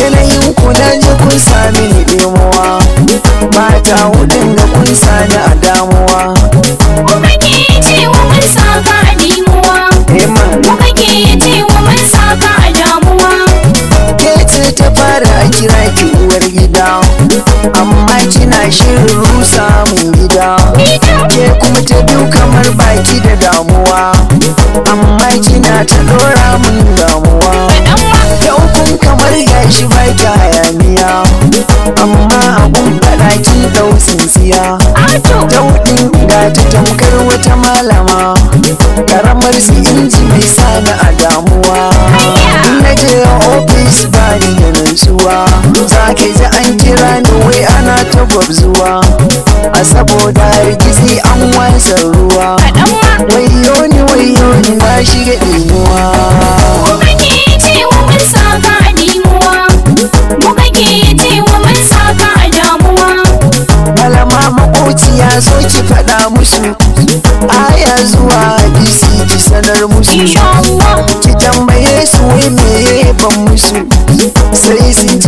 yanayin ku na ji kun sami ba ta hudu shi bai ta hayaniya amma abun fada ki dau ta daudin ga ta tamkar wata malama karamar su inji mai ni a damuwa in na je ofis ba ni da nutsuwa za ka ji an kira ni wai ana ta gwabzuwa a saboda rikici an wasan ruwa wayo ni wayo ni so ki faɗa musu aya zuwa hadisi ki sanar musu ki tambaye su wai me ban musu sai sun